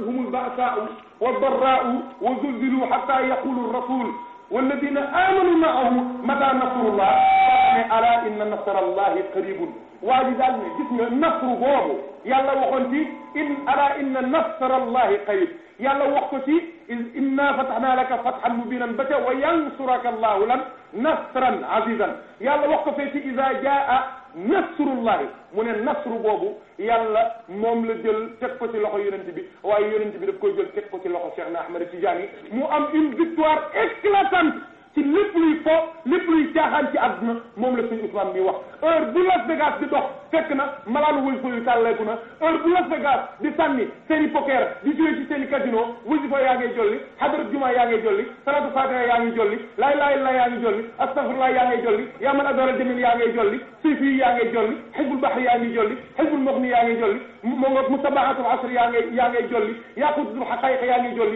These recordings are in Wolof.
massathumu lba'saa'u waldarraa'u wa zulziluu hattaa yaquulu rrasuul walladina amanu maahu mata nasrullah ne ala inna nasrallahi qaribun waa ji daal ne gis nga nasru boobu yàlla waxoon ci in ala inna nasrallahi qarib yàlla wax ko ci inna fatahna laka fathan mubinan ba ca wa yansuraka allahu lan nasran azizan yàlla wax ko fee ci iza jaa nasrullahi mu ne nasru boobu yàlla moom la jël teg ko ci loxo yonent bi waaye yonent bi daf koy jël teg ko ci loxo Cheikh na Ahmad Tidiane mu am une victoire éclatante ci lépp luy fo lépp luy caaxaan ci àdduna moom la islam bi wax heure bu Las Vegas dox fekk na malaanu wasifa yu tàlleeku na heure bu Las Vegas di sànni seen i poker di joué ci seen i casino wasifa yaa jolli xadarat juma yaa ngay jolli salatu fatiha yaa ngay jolli laa ilaaha illa yaa ngay jolli astafurlah yaa ngay jolli yaa man adora jamil yaa ngay jolli sufi yaa ngay jolli xisbul bahri yaa ngay jolli xisbul moxni yaa ngay jolli moo nga musabahatul asr yaa jolli yaqutul xaqayiq yaa ngay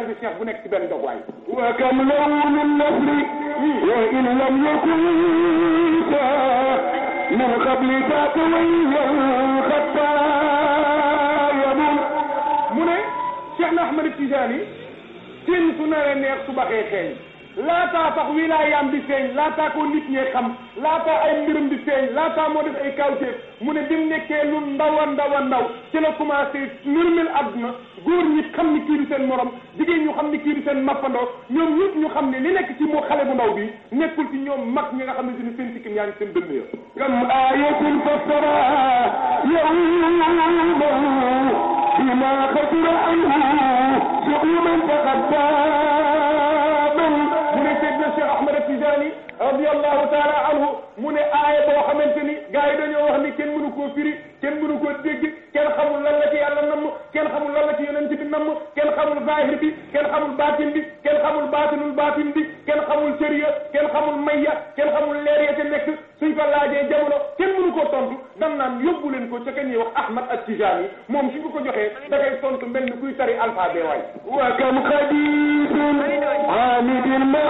taalibi cheikh bu nekk ci benn dog waay wa kam law min nafli wa in lam yakun min qabli tatwiyan xatta yabul mu ne cheikh na ahmad tijaani tin su nara neex su baxee xeeñ laataa sax wilaayaam di feeñ laataa ko nit ñee xam laataa ay mbirum di feeñ laataa moo def ay kawteef mu ne bi nekkee lu ndaw a ndaw a ci la commencé nërmel àdduna góor ñi xam ni kii di seen morom jigéen ñu xam ni kii di seen mappandoo ñoom ñëpp ñu xam ne li nekk ci moo xale bu ndaw bi nekkul ci ñoom mag ñi nga xam ne sini seen sikkim yaa ngi seen dënn ya kam ayatin fassara yawmahu bima xasira anhu suuman taqaddaa taala anhu mu ne aaya boo xamante ni gars yi dañoo wax ni kenn mënu koo firi kenn mënu koo dégg kenn xamul lan la ci yàlla namm kenn xamul lan la ci yonent bi namm kenn xamul zahir bi kenn xamul baatin bi kenn xamul baatin bi kenn xamul sëriya kenn xamul mayya kenn xamul leer ya ca nekk suñ ko laajee jamono kenn mënu koo tontu dam naan yóbbu leen ko ca kenn ñuy wax Ahmad at-Tijani moom suñ ko ko joxee da ngay tontu mel ni kuy tari alphabet waay wa kam xaditun amidil ma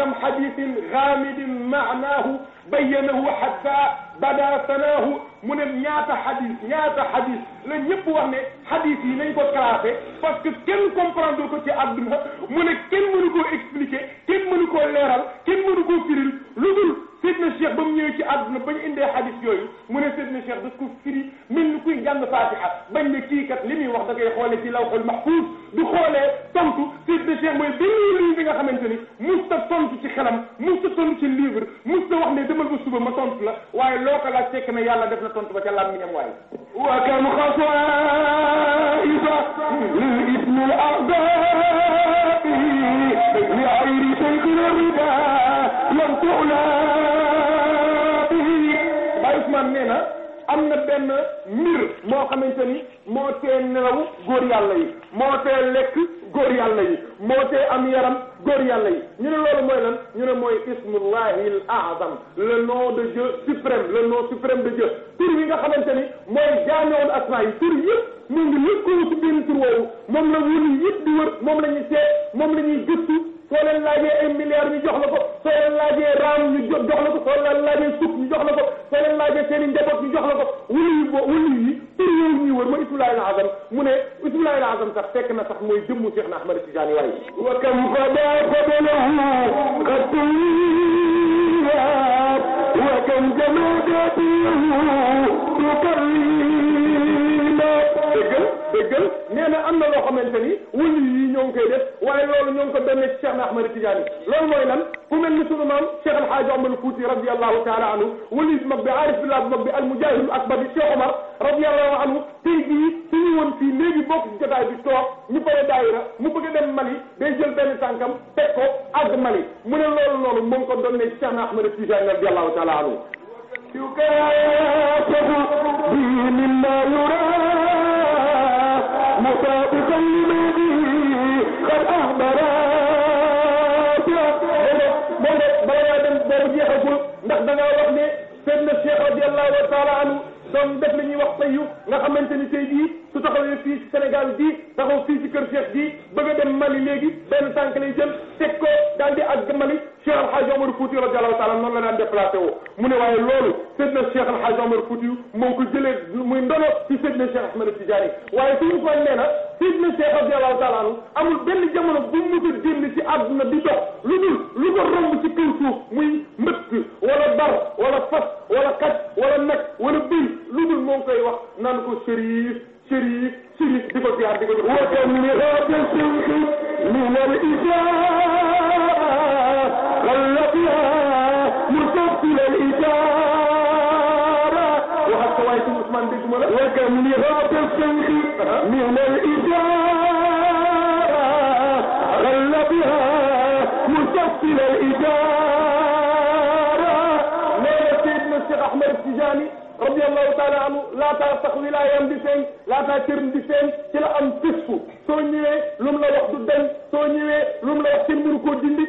كم حديث غامض معناه بينه حتى bada sanaahu mu ñaata hadis ñaata hadis la ñëpp wax ne hadis yi nañ ko classé parce que kenn comprendre ko ci àdduna mu ne kenn mënu koo expliquer kenn mënu koo leeral kenn mënu koo firil lu dul Seydina Cheikh ba mu ñëwee ci àdduna bañ indee hadis yooyu mu ne Seydina Cheikh daf ko firi mel ni kuy jàng Fatiha bañ ne kii kat li muy wax da ngay xoolee ci lawxul mahfuz du xoolee tontu Seydina Cheikh mooy benn livre bi nga xamante ni ne demal ba suba la loo ko laaj fekk na yàlla def na tontu ba ca làmmiñam waay wa kam xasaisa lil ismi al a'da benn mbir moo xamante ni moo tee nelaw góor yàlla yi moo tee lekk góor yàlla yi moo tee am yaram góor yàlla yi ñu ne loolu mooy lan ñu ne mooy ismullahi l azam le nom de Dieu suprême le nom suprême de Dieu tur yi nga xamante ni mooy jaamewoon asma yi tur yëpp mu ngi lëkkaloo ci biir tur woowu moom la wëri yëpp di wër moom la ñuy moom la gëstu soo leen laajee ay milliards ñu jox la ko soo leen laajee raam ñu jox la ko soo leen laajee suuf ñu jox la ko soo leen laajee seen i njaboot ñu jox la ko wëlu yu boo wëlu yi tur yooyu ñuy wër mooy ismullahi al azam mu ne ismullahi al azam sax fekk na sax mooy jëmmu Cheikh na Ahmad Tidiane waaye wa kam qada qadalahu qatiyat wa kam jamada bihi tukarri dëggal nee na am na loo xamante ni wëli yi ñoo ngi koy def waaye loolu ñoo ngi ko demee ci Cheikh na Ahmad Tidiane loolu mooy lan ku mel ni sunu maam Cheikh El Hadj Omar Fouti radiallahu taala anhu wëli bu mag bi aarif billah bu mag bi almujahidul akbar bi Cheikh Omar radiallahu anhu tey jii suñu woon fii léegi bokk ci jotaay bi toog ñu pare daayira mu bëgg a dem Mali day jël benn tànkam teg ko àgg Mali mu ne loolu noonu moo ngi ko donnee ci Cheikh na Ahmad Tidiane radiallahu taala anhu مطابقا لما به قد أخبرا moom de bala ngaa dem boobu jeexagul ndax da ngaa wax ne Seydina Cheikh radiyallahu wa taala anhu doon def li ñuy wax tey yu nga xamante ni tey jii su taxawee fii ci Sénégal bii taxaw fii ci kër Cheikh bii bëgg a dem Mali léegi benn tànk lay jël teg ko daal di àgg Mali Cheikh Al Hadj Omar Fouti radiyallahu taala noonu la daan déplacé woo mu ne waaye loolu Seydina Cheikh Al Hadj Omar Fouti moo ko jëlee muy ndono ci Seydina Cheikh Ahmed Tidiane waaye suñu ko nee na Seydina Cheikh radiyallahu taala anhu amul benn jamono bu mu mës a génn ci àdduna di dox lu dul lu ko romb ci kaw suuf muy mbëtt wala bar wala fas wala xaj wala nag wala bëy lu dul moo ngi koy wax naan ko Chérif Chérif Chérif di ko ziar di ko jox. غلبها مرتبط الإدارة وهل سويتم عثمان بجملة وكم لغاب الشيخ من الإدارة غلبها مرتبط الإدارة ليلة سيدنا الشيخ أحمد التجاني رضي الله تعالى عنه لا ترتق wilaayam di feeñ laataa cëram di feeñ ci la am fisku soo ñëwee lu mu la wax du dañ soo ñëwee lu mu la wax kenn mënu koo dindi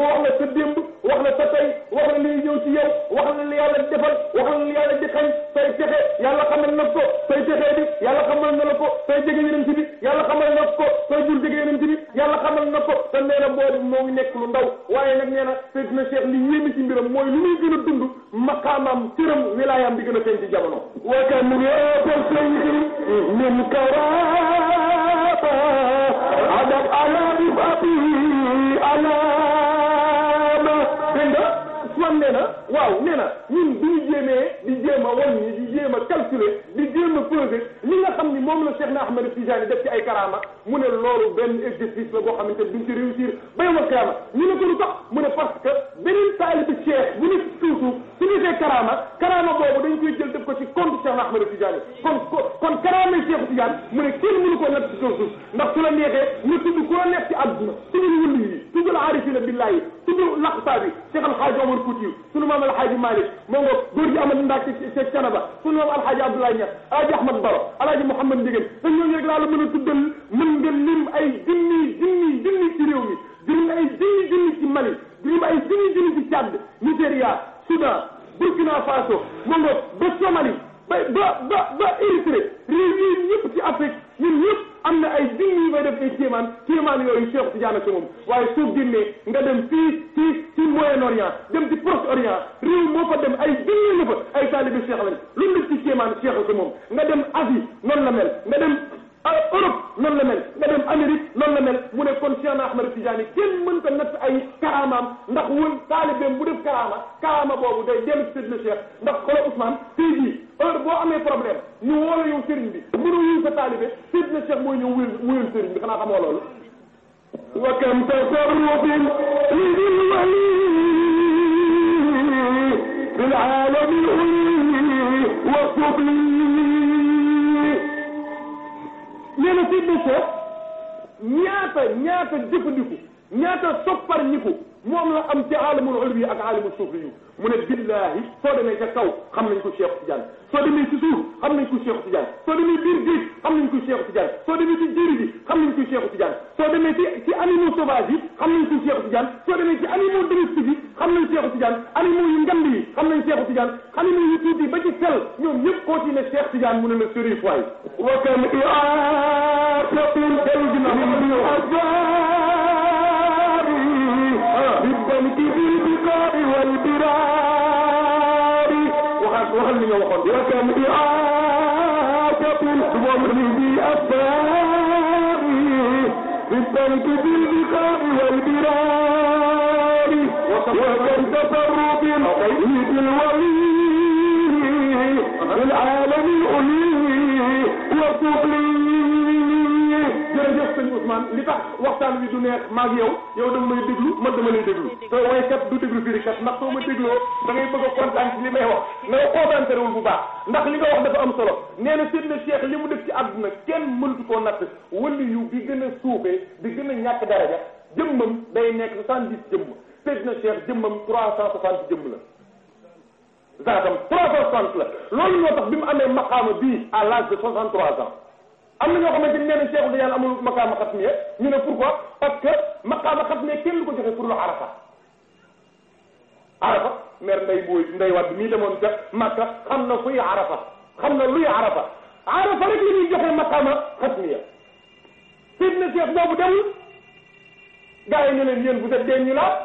mu wax la sa démb wax la sa tey wax la liy ñëw ci yow wax la li yàlla defal wax la li yàlla di xañ say texe yàlla xamal na ko say texe bi yàlla xamal na la ko say jege yeneen bi yàlla xamal na ko say jur jege yeneen bi yàlla xamal na ko te nee na boobu moo ngi nekk lu ndaw waaye nag nee na Seydina Cheikh li yéeme ci mbiram mooy lu muy gën a dund maqaamam cëram wilaayam di gën a feeñ ci jamono waaka mu yoopal saydi min karaba adab ala bi abi ala nee waaw nee na ñun bi ñu jéemee di jéem a wàññi a a peser li nga xam ni moom la Cheikh na Ahmed Tidiane def ci ay karaama mu ne loolu benn exercice la boo xamante ne duñ ci réussir ba a karaama ñu ne ko lu tax mu ne parce que beneen taalibu Cheikh bu nekk suuf suuf su defee karaama karaama boobu dañ koy jël def ko ci compte Cheikh na Ahmed Tidiane kon kon karaama Cheikh Tidiane mu ne kenn mënu ko natt ci suuf ndax su la neexee nga tudd ku la nekk ci àdduna suñu wënd yi. aarifina billahi tudd laqsa bi Cheikh Alxaaji Omar Fuutiyu sunu maam Alxaaji Malick moo ngo góor gi Amad Mbacke Cheikh Canaba sunu maam Alxaaji Abdoulaye Niass Alxaaji Ahmad Baro Alxaaji Mouhamad Ndieguène dañ ñooñu rek laa la mën a tuddal mën nga lim ay junni junni junni ci réew mi di lim ay junni junni ci Mali di lim ay junni junni ci Tchad Nigéria Soudan Burkina Faso moo ngo ba Somalie ba ba ba ba Érythrée réew yooyu yëpp ci Afrique ñun ñëpp am na ay jinni yu koy def ay kéemaan kéemaan yooyu Cheikh Tidiane ko moom waaye soo génnee nga dem fii ci ci Moyen Orient dem ci Proche Orient réew moo fa dem ay jinni la fa ay taalibi Cheikh lañ lu mu def ci kéemaan Cheikh moom nga dem Asie noonu la mel nga dem ah, Europe noonu la mel nga dem Amérique noonu la mel mu ne kon Cheikh Ahmed Tidiane kenn mën ta natt ay karaamaam ndax wul taalibeem bu def karaama karaama boobu day dellu ci Seydina ndax xoolal Ousmane tey heure boo amee problème ñu woo la yow sëriñ bi mënoo wuyu sa taalibe sédd na cheikh mooy ñëw wuyul wuyul sëriñ bi xanaa xamoo loolu wa kam tasarrufin lidil wali bil alami uli wa subli nee na na cheikh ñaata ñaata jëfandiku ñaata soppar ñi ko moom la am ci aalamul ulwi ak aalamul suufi yu mu ne billahi soo demee ca kaw xam nañ ko Cheikh Tidiane soo demee ci suuf xam nañ ko Cheikh Tidiane soo demee biir géej xam nañ ko Cheikh Tidiane soo demee ci jiiri bi xam nañ ko Cheikh Tidiane soo demee ci ci animaux xam nañ ko Cheikh Tidiane soo demee yi xam nañ Cheikh Tidiane animaux yu ngand yi xam nañ Cheikh Tidiane animaux yu tuuti ba ci sel ñoom ñëpp koo ci ne Cheikh Tidiane mu ne la sérif الجنة في البقاع والبرار وخل وخل يا وخل وكم إعادة ومرمي أبداء في الترك في البقاع والبرار وكم تفرق سيد الولي في العالم الأولي والسفلي Serigne Ousmane li tax waxtaan wi du neex maag yow yow dama may déglu man dama lay déglu te waykat du déglu firikat ndax soo ma dégloo da bëgg a ci li may wax na nga bu baax ndax li nga wax dafa am solo nee na Seydina Cheikh li mu def ci àdduna kenn mëntu koo natt wëli yu bi gën a suufee bi gën a ñàkk daraja jëmmam day nekk soixante-dix jëmm Seydina Cheikh jëmmam trois cent soixante jëmm la zaatam trois cent soixante la loolu moo tax bi mu amee maqaama bii à l'âge de soixante am na ñoo xamante ne nee na Cheikh Tidiane amul maqaama xatmiya ñu ne pourquoi parce que maqaama xatmiya kenn ko joxe pour lu arafa arafa mère nday booy nday wadd mii demoon ca Makka xam na fuy arafa xam na luy arafa arafa rek la ñuy joxe maqaama xatmiya siit na Cheikh boobu demul gars yi ne leen yéen vous êtes des nullards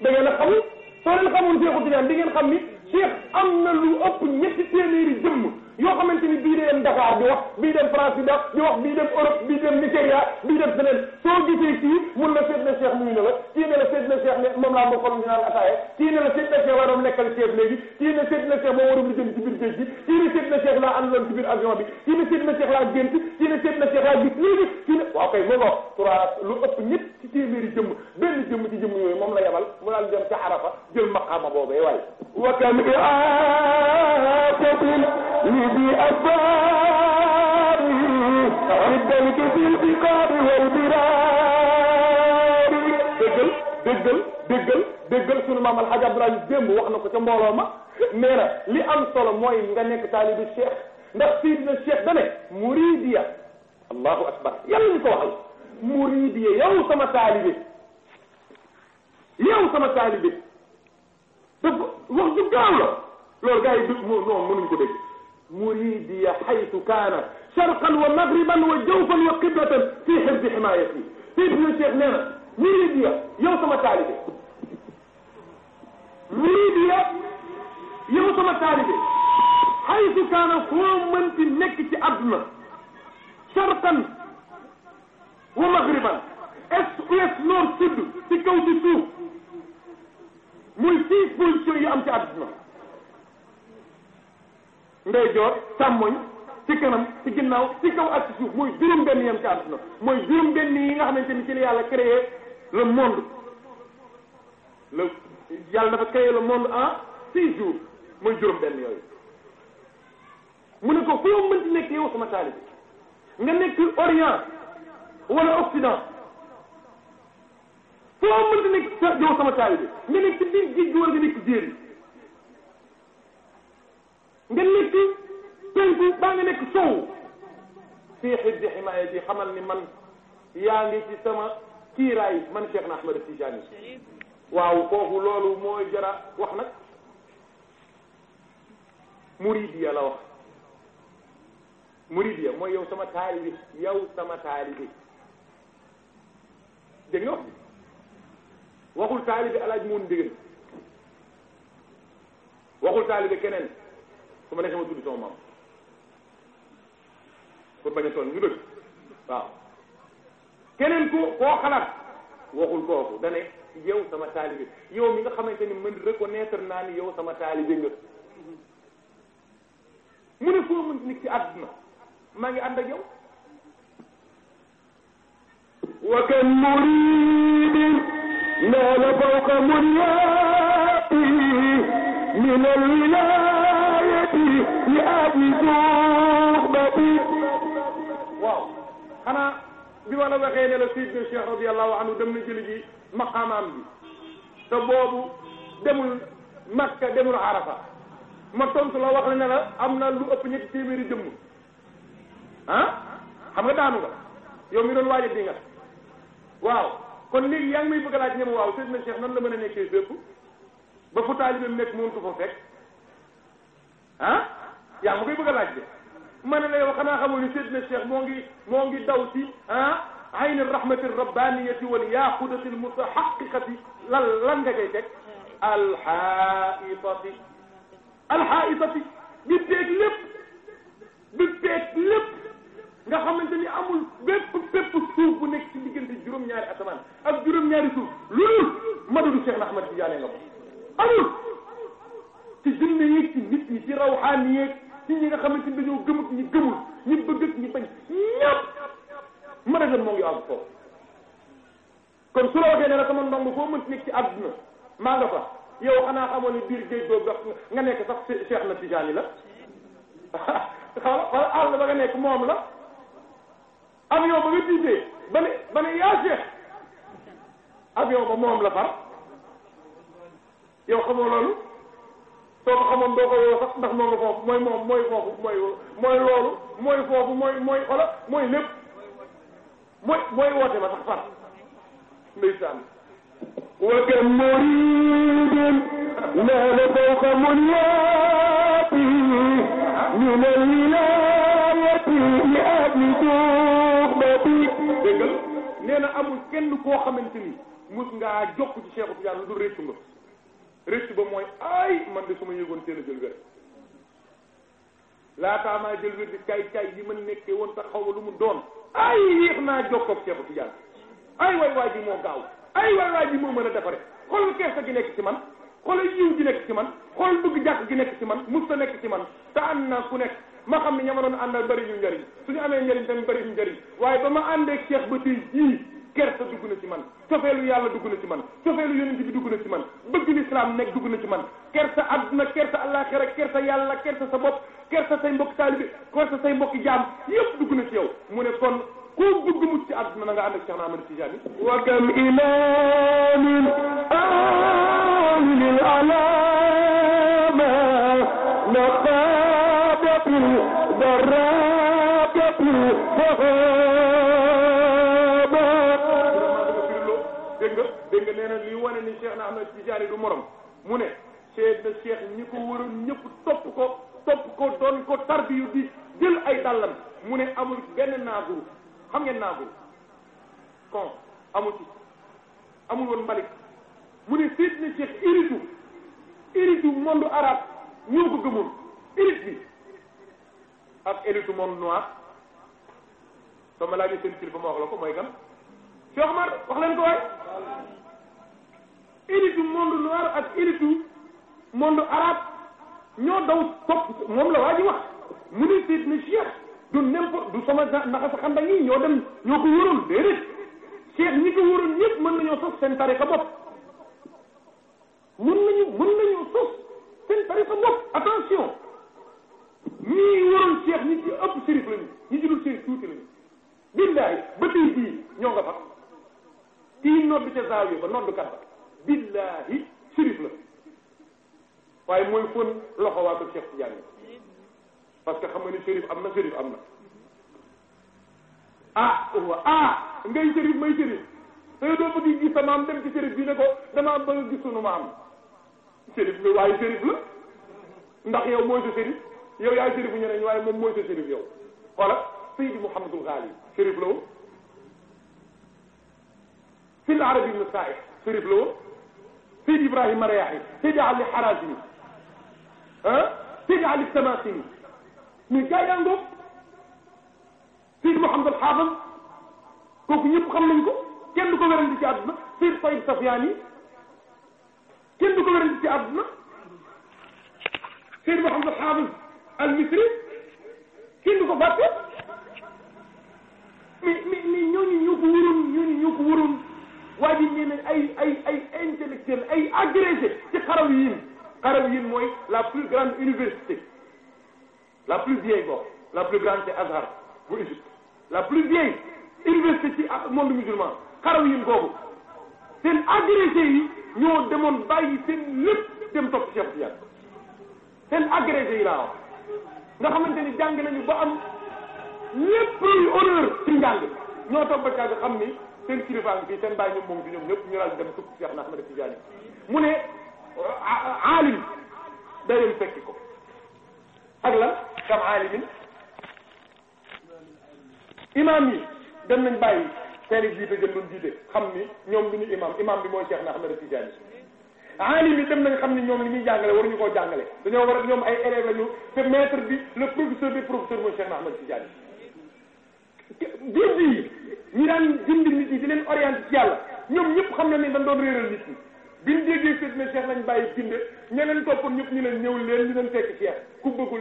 da ngeen a xamul soo leen xamoon Cheikh Tidiane di ngeen xam ni Cheikh am na lu ëpp ñetti téeméeri jëmm yoo xamante ni bii dem Dakar di wax bii dem France di wax di wax bii dem Europe bii dem Nigéria bii dem feneen soo gisee kii mun na seet na Cheikh nuyu na la kii ne la seet na Cheikh ne moom laa bokkoon ñu naan ataaya kii ne la nekkal Cheikh léegi kii ne Seydina Cheikh moo waroon lijjanti ci biir géej gi kii ne Seydina Cheikh laa àndoon ci biir avion bi kii ne Seydina Cheikh laa gént kii ne Seydina Cheikh laa gis léegi kii ne waaw kay mu ngoog trois lu ëpp ñett ci téeméeri jëmm benn jëmm ci jëmm yooyu moom la yebal mu daal dem ca Arafa jël maqaama boobee waaye wakam iaatatin li bi asbabi iddalke fil biqaari wal biraari déggal déggal déggal déggal sunu maam El Hadj Abdoulaye démb wax na ko ca mbooloo ma nee na li am solo mooy nga nekk taalibu cheikh ndax Seydina Cheikh dane muridiya allahu akbar yàlla ñu ko waxal muridiya yow sama taalibe yow sama taalibe dafa wax ju gaaw la loolu gars yi du non mënuñ ko dégg muridiya xaytu kaana sharqan wa magriban wa jawfan wa qiblatan fi xifdi ximaayati Seydina Cheikh nee na muridiya yow sama taalibe muridiya yow sama taalibe xaytu kaana foo mënti nekk ci adduna sartan wa maghriban est ouest nord sud ci kaw ci suuf muy six positions yi am ci adduna ndeyjoor càmmoñ ci kanam ci ginnaaw ci kaw ak ci suuf mooy juróom benn yi am ci yi nga xamante ni ci la yàlla créé yàlla dafa créé le monde en six jours mooy juróom benn yooyu mu ne ko fu yow mënti nekk yow sama taalibe nga nekk orient wala occident foo mënti nekk yow sama taalibe nga nekk ci biir géej gi wala nga nekk jéeri nga nekk penku baa nga nekk sow fii xibdi ximaayati xamal ni man yaa ngi ci sama kiiraay man Cheikh na Ahmad Tijani waaw kooku loolu mooy jara wax nag muridiya la wax muridiya mooy yow sama taalibi yow sama taalibi dégg nga waxul taalibi alaaj mun digén waxul taalibi keneen su ma neexee ma tudd sama maam pour bañ a toll ñu waaw keneen ku koo xalaat waxul kooku dane yow sama taalibe yow mi nga xamante ni man reconnaître naa ni yow sama taalibe nga mu ne mën nit ci àdduna maa ngi ànd yow wa kam muridin naala fawqa muriyaati min alwilayati li abi suxbati waaw bi ma la waxee ne la Seydina Cheikh radiyallahu dem na jëli ji maqaamaam bi te boobu demul Makka demul Arafa ma tontu la wax la ne am na lu ëpp ñetti téeméeri jëmm ah xam nga daanu nga yow mi doon waaj di nga waaw kon léegi yaa ngi may bëgg a laaj ne ma waaw Seydina Cheikh nan la mën a nekkee bépp ba fu taalibeem nekk moom fa fekk ah yaa ma koy bëgg laaj de. ma ne la yow xanaa xamoo ni Seydina Cheikh moo ngi moo ngi daw ci ah ayni rahmati rabbaniyati wal yaqudati al mutahaqiqati lan lan nga koy teg alxaitati alxaitati bi peeg lépp bi peeg lépp nga xamante ni amul bépp bépp suuf bu nekk ci diggante juróom-ñaari asamaan ak juróom i suuf loolu madadu Cheikh Ahmad Tidiane la ko amul ci jinne yeeg ci nit ñi ci rawxaan ci ñi nga xam ne dañoo gëm ak ñi gëmul ñi bëgg ak bañ moo ngi àgg foofu kon su nekk ci àdduna maa nga fa yow xanaa xamoon ne biir géej boobu la moom la avion ba nga tiitee ba ne ba ne yaa Cheikh avion ba moom la far yow xamoo loolu soo ko xamoon doo ko woo sax ndax moo nga foofu mooy moom mooy foofu mooy mooy loolu mooy foofu mooy mooy xola mooy lépp mooy mooy woote ba sax far ndeysaan وكم مريد نال فوق منياته من الولاية لأهل تهمته dégg nga nee na amul kenn koo xamante ni mus ngaa jokk ci Cheikh Tidiane lu dul réccu rëcc ba mooy ay man de su ma yëgoon teel a jël wér laataa maa jël wér di kay kay bi ma nekkee woon tax xaw ma lu mu doon ay yéex naa jokkoog Cheikh Tidiane ay waay waay ji moo gaaw ay waay waay ji moo mën a defare xool kersa gi nekk ci man xool yiw gi nekk ci man xool bëgg jàkk gi nekk ci man mus ta nekk ci man te ànd naa ku nekk ma xam ne ña ma doon àndal bëri ñu su ñu amee njëriñ tamit bëri ñu njëriñ waaye ba ma àndee Cheikh ba tey jii kersa dugg na ci man cofeelu yàlla dugg na ci man cofeelu yonent bi dugg na ci man bëgg lislaam nekk dugg na ci man kersa àdduna kersa àllaaxira kersa yàlla kersa sa bopp kersa say mbokki taalibi kersa say mbokki jaam yëpp dugg na ci yow mu ne kon ku dugg mucc ci àdduna na nga ànd ak Cheikh Ahmad Tijani wa kam imamin amilil alama naqabatil darabatil ni Cheikh na Ahmed Tidiane du morom mu ne Seydina Cheikh ñi ko waroon ñëpp topp ko topp ko doon ko tarbiyu di jël ay dàllam mu ne amul benn naaguru xam ngeen naaguru kon amul ci amul woon mbalik mu ne Seydina Cheikh iritu iritu monde arabe ñoo ko gëmoon irit bi ak iritu monde noir sama laa ji seen kilifa wax la ko mooy kan Cheikh Omar wax leen ko waay élite monde noir ak élite monde arabe ñoo daw topp moom la waa ji wax mu ne Seydina ne Cheikh du n'importe du sama naxasa xanda yi ñoo dem ñoo ko wóoroon déedéet Cheikh ñi ko wóoroon ñëpp mën nañoo sos seen tariqa bopp mën nañu mën nañoo sos seen a bopp attention ñii wóoroon Cheikh ñi ci ëpp sérif lañu ñi ci dul sérif tuuti lañu billahi ba tey bii ñoo nga fa kii nodd ca zaawiya ba nodd kat ba billahi sirif la waaye mooy fon loxo waa ko Cheikh Tidiane parce que xam nga ni sérif am na sérif am na ah wa ah ngay sérif may sérif te doo bëgg gis sa maam dem ci sérif bi ne ko damaa bëgg gis sunu maam sérif la waaye sérif la ndax yow mooy sa sérif yow yaay sérifu ñeneen waaye moom mooy sa sérif yow xoola Seydi Mouhamadul Ghali sérif la fil arabi na sérif la Seydi Ibrahima Rayaahi Seydi Ali Harazimi ah Seydi Ali Samasini mais gars yi daal Seydi Mouhamed al Haafid kooku ñëpp xam nañ ko kenn du ko werante ci àdduna Seydi Saïd Safiyaani kenn du ko werante ci àdduna Seydi Mouhamed al Haafid al Misri kenn du ko fàtte mais mais mais ñooñu ñoo ko wóoroon waa ji nee na ay ay ay intellectuel ay agrégé ci Qarawiyyin Qarawiyyin mooy la plus grande université la plus vieille bopp la plus grande c'est Azhar bu Égypte la plus vieille université ci monde musulman Qarawiyyin googu seen agrégé yi ñoo demoon bàyyi seen lépp dem topp Cheikh Tidiane seen agrégé yi laa wax nga xamante ni jàng nañu ba am lépp luy honneur ci njàng ñoo topp ba càgg xam ni seen kilifa bi seen bàyyi ñoom moom bi ñoom ñëpp ñu laal dem sukk Cheikh Ahmad Tidiane mu ne euh, aalim day dem fekki ko ak lan kam aalimin imam yi dem nañ bàyyi seen i jiite gën doon jiite xam ni ñoom lu ñu imam imam bi mooy Cheikh Ahmad Tidiane aalim yi dem nañ xam ni ñoom li ñuy jàngale waruñu koo jàngale dañoo war a ñoom ay élèves lañu te maître bi le professeur bi professeur mooy Cheikh Ahmad Tidiane. géej gi ñi daan gindi nit ñi di leen orienté ci yàlla ñoom ñëpp xam na ne dañ doon réeral nit ñi biñ déggee seet ne Cheikh lañ bàyyi ginde ña toppoon ñëpp ñu leen ñëw leen ñu leen fekk Cheikh ku bëggul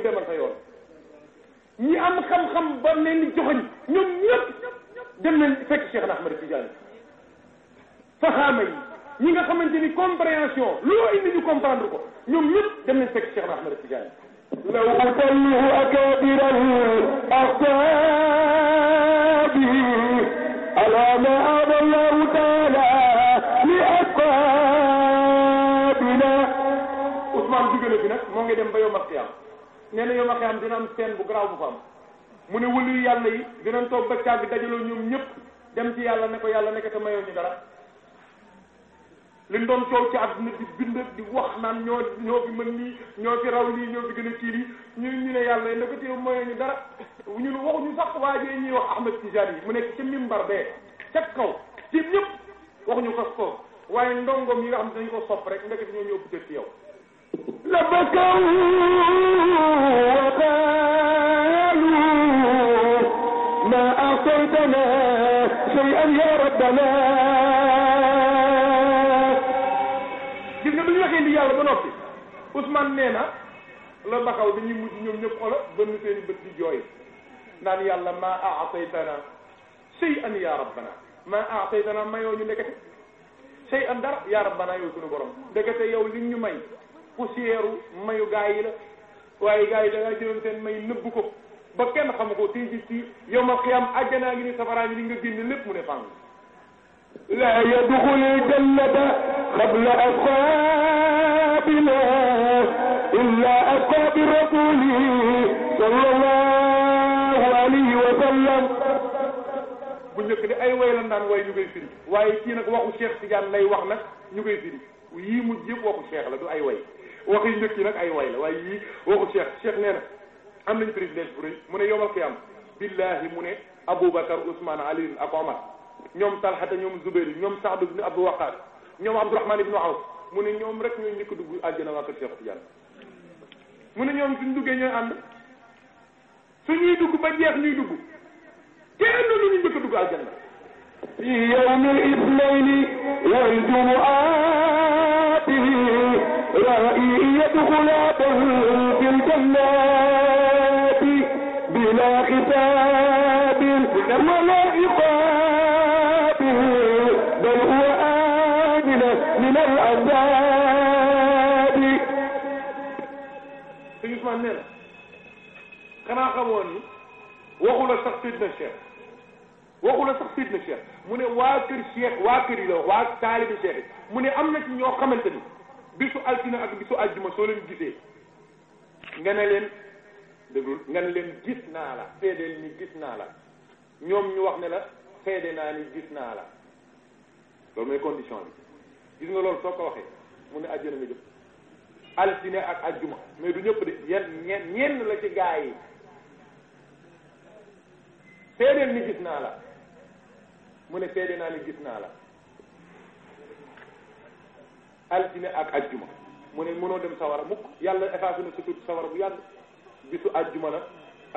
ñi am xam-xam ba leen di joxoñ ñoom ñëpp nañ fekk Cheikh Ahmed Tidiane saxaama ñi nga xamante ni compréhension loo indi ñu comprendre ko ñoom ñëpp dem nañ fekk Cheikh Ahmed Tidiane law utallihu akabirahu ما أبى الله تعالى لأقوامنا Ousmane digale fi nag moo dem ba yom alxiyaam nee na yom alxiyaam dina am seen bu garaaw bu fa am mu ne wëlu yàlla yi dinañ toog ba càgg dajaloo ñoom ñëpp dem ci yàlla ne ko yàlla ne ko te mayoo ñu dara liñ doon coow ci àdduna di bind di wax naan ñoo ñoo fi mën nii ñoo fi raw nii ñoo fi gën a kii ñu ñu ne yàlla ne ko te mayoo ñu dara ñu waxuñu sax waajee ñuy wax Ahmed Tijani yi mu ne ci mimbar bee cat kaw ci ñëpp waxuñu ko ko waaye ndongom yi nga xam ne dañu ko sopp rek ndeket ñoo ñëw bëgg ci yow la bakaw wa qaalu ma a'taytana shay'an ya rabbana gis nga bu ñu waxee li yàlla ba noppi Ousmane nee na la bakaw dañuy mujj ñoom ñëpp xolo bënn seeni bët di jooy naan yàlla ma a'taytana shay'an ya rabbana ma a'taytana mayoo ñu ndekete sey an dara yaa rabbana yow sunu borom ndekete yow li ñu may poussière mayu gaa yi la waaye gaa yi da ngaa jëloon seen may nëbbu ko ba kenn xamu ko tey jii ci yow ma xiyam àjjanaa ngi ni safaraa ngi ni nga génn lépp mu ne fang la yadxulul jannata qabla aqaabina illa aqaabi rasuli sallallahu alayhi wa sallam bu njëkk di ay way lan daan way ñu koy firi waaye kii nag waxu Cheikh Tidiane lay wax nag ñu koy firi yii mujj yëpp waxu Cheikh la du ay way waxi njëkk nag ay way la waaye yii waxu Cheikh Cheikh nee na am nañ privilège bu rëy mu ne yomal qiyaam billahi mu ne Aboubacar Ousmane Ali ak Omar ñoom Talxata ñoom Zubair ñoom Saad ibn Abu Waqaas ñoom Abdourahman ibn Awf mu ne ñoom rek ñooy njëkk dugg àjjana waa kër Cheikh Tidiane mu ne ñoom suñ duggee ñooy ànd suñuy dugg ba jeex ñuy dugg kenn lu ñu njëkk a dugg aljanna fi yawmi isnayni wal jumu'ati ra'i yadkhula fil jannati bila hisabin wala iqabin bal huwa amina min al azabi Ousmane nee na xanaa xamoon ni waxu la sax fitna cheikh waxula sax Sidna Cheikh mu ne waa kër Cheikh waa kër yi la wax waa taalibi Cheikh yi mu ne am na ci ñoo xamante ni bisu altine ak bisu aljuma soo leen gisee nga ne leen déglul nga ne leen gis naa la seedeel ni gis naa la ñoom ñu wax ne la fede naa ni gis naa la loolu mooy condition bi gis nga loolu soo ko waxee mu ne àjjana nga jëm altine ak ajjuma mais du ñëpp de yenn ñenn la ci gaa yi seedeel ni gis naa la mu ne seede naa ne gis naa la altine ak ajjuma mu ne mënoo dem sawara mukk yàlla effacé na sutur sawara bu yàgg bisu ajjuma la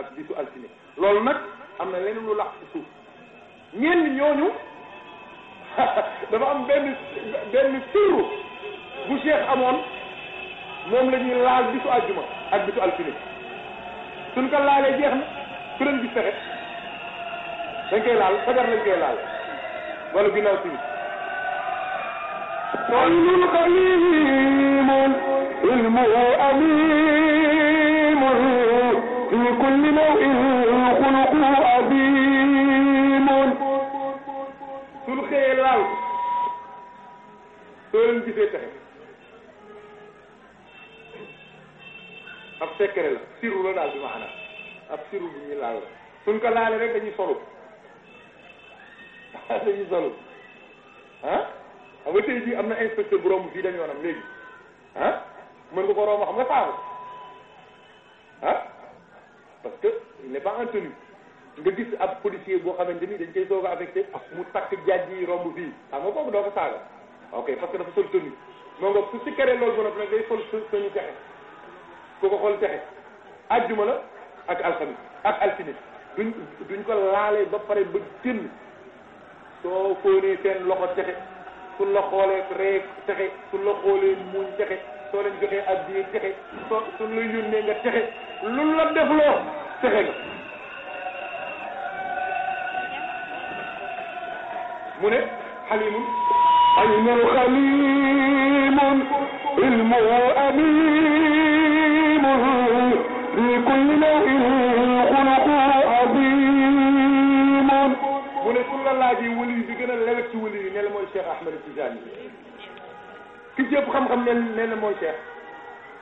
ak bisu altine loolu nag am na leneen lu lax ci suuf ñenn ñooñu dafa am benn benn sirru bu cheikh amoon moom la laal bisu ajjuma ak bisu altine suñ ko laalee jeex na ku leen gis fexe dañ laal fajar lañ laal wala ginnaaw timis sallul xalimun ilmuhu alimun fi kulli nawin xuluqu adimun suñ xëyee laal soo leen gisee texe ab secret la siru la daal bi maanaam ab siru bu ñuy laal la suñ ko laalee rek dañuy dañuy solo ah xam nga tey jii am na inspecteur bu romb fii dem yoonam léegi ah mën nga ko romb xam nga saabu ah parce que ne n'est pas en nga gis ab policier boo xamante ni dañ koy soog a affecté mu takk jaaj yi romb fii xam nga kooku doo ko saaga ok parce que dafa sol tenue moo nga su si keree loolu ba nag day sol suñu texe ku ko xool sexe ajjuma la ak alxamis ak altine duñ duñ ko laalee ba pare ba génn soo fóonee seen loxo texe su la xoolee ree texe su la xoolee muñ texe soo leen joxee addiya texe soo su la yónnee nga texe lu la defloo texe nga mu ne xalimun aynal xalimun ilmuhu amimun fi kulli lewettu wali yi nee na mooy Cheikh Ahmed Tidiane ki ci ëpp xam-xam nee nee na mooy Cheikh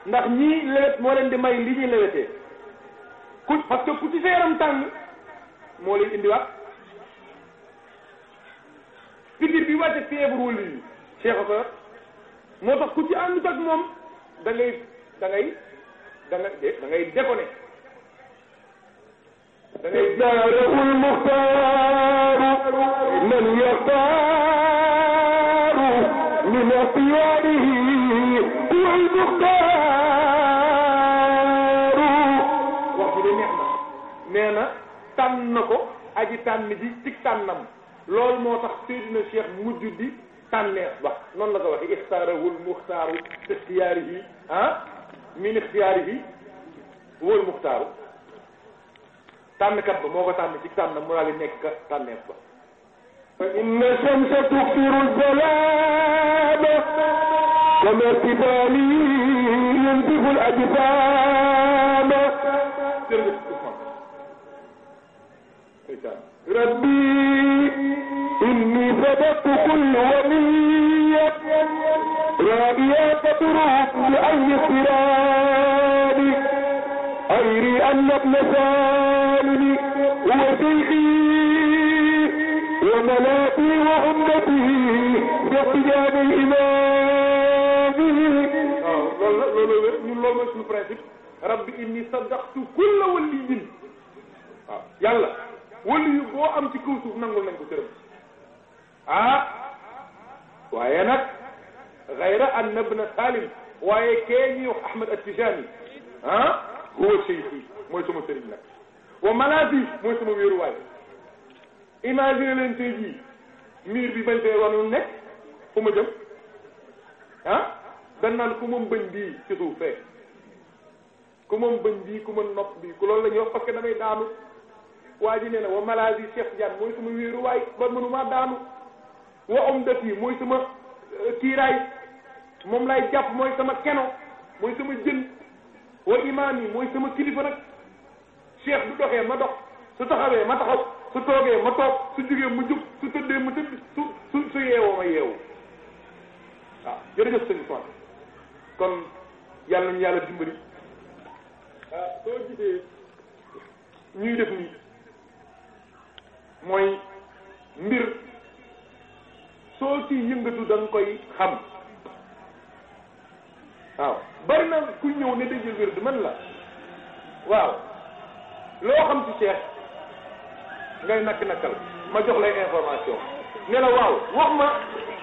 ndax ñii lewet moo leen di may li ñuy lewetee ku parce que ku ci sa yaram tàng moo leen indiwaat piqûre bi wàcce fièvre wali yi Cheikh a ko yor moo tax ku ci àndut ak moom da ngay da ngay da nga da ngay déconné tànn bi ci tànnam loolu moo tax Seydina Cheikh mujj di tànneef ba noonu la ko waxee ixtaarahul muxtaaru ixtiyaarihi ah min ixtiyaarihi wal muxtaaru tànnkat ba moo ko tànn ci tànnam mu daal nekk tànneef ba fa inna shamsa tuxfirul zalaama kama tibaali yuntiful ajsaama ربي إني فدت كل ولي رابيا تطرق لأي صراب أيري أن ابن سالم هو شيخي وملاكي وأمتي في اقتدام إمامه loolu mooy suñu principe rabbi inni saddaqtu kulla waliyin waaw yàlla wali yu boo am ci kaw suuf nangul nañ ko cëram ah, waaye nag gayra an nabna salim waaye kee ñuy wax ahmad attijani ah huwa cheikhi mooy sama sëriñ nag wa malabi mooy sama wéeruwaay imagine leen tey jii miir bi bañ tey wanu nekk fu ma jëm ah dan ku moom bëñ bii ci suuf fee ku moom bii ku ma nopp bii ku loolu la ñuy wax parce que damay daanu waa ji nee na wa malaasi Cheikh Tidiane mooy sama wéeruwaay ba mënuma daanu wa umdati mooy sama euh, kiiraay moom lay jàpp mooy sama keno mooy sama jën wa imaam yi mooy sama kilifa nag cheikh du doxee ma dox su taxawee ma su toogee ma toog su jugee ma jug su tëddee ma tëdd su su su yeewoo ma yeewu waaw jërëjëf sëñ kon yàlla nañu yàlla dimbali ah soo gisee ñuy def nii mooy mbir soo ci yëngatu da nga koy xam waaw bari na ku ñëw ne dajël wird man la waaw loo xam ci Cheikh ngay nakk nakkal ma jox lay information ne waaw wax ma